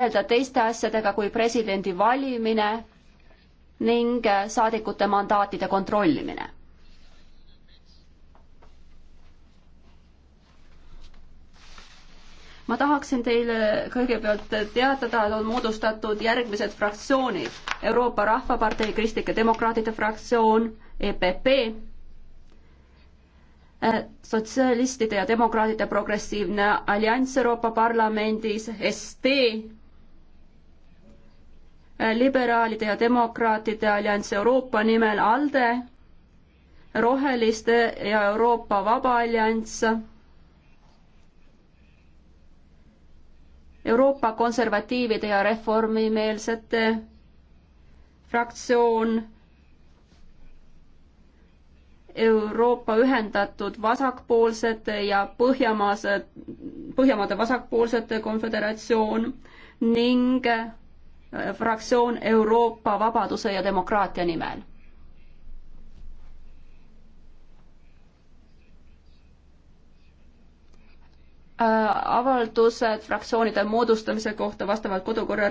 tegeleda teiste asjadega kui presidendi valimine ning saadikute mandaatide kontrollimine. ma tahaksin teile kõigepealt teatada, et on moodustatud järgmised fraktsioonid. Euroopa Rahvapartei Kristlike Demokraatide fraktsioon, EPP, sotsialistide ja demokraatide progressiivne allianss Euroopa Parlamendis, ST, liberaalide ja demokraatide allianss Euroopa nimel ALDE, Roheliste ja Euroopa Vaba Allianss, Euroopa konservatiivide ja reformimeelsete fraktsioon, Euroopa Ühendatud Vasakpoolsete ja Põhjamaase, Põhjamaade Vasakpoolsete Konföderatsioon ning Äh, fraktsioon Euroopa Vabaduse ja Demokraatia nimel. Äh, avaldused fraktsioonide moodustamise kohta vastavalt kodukorra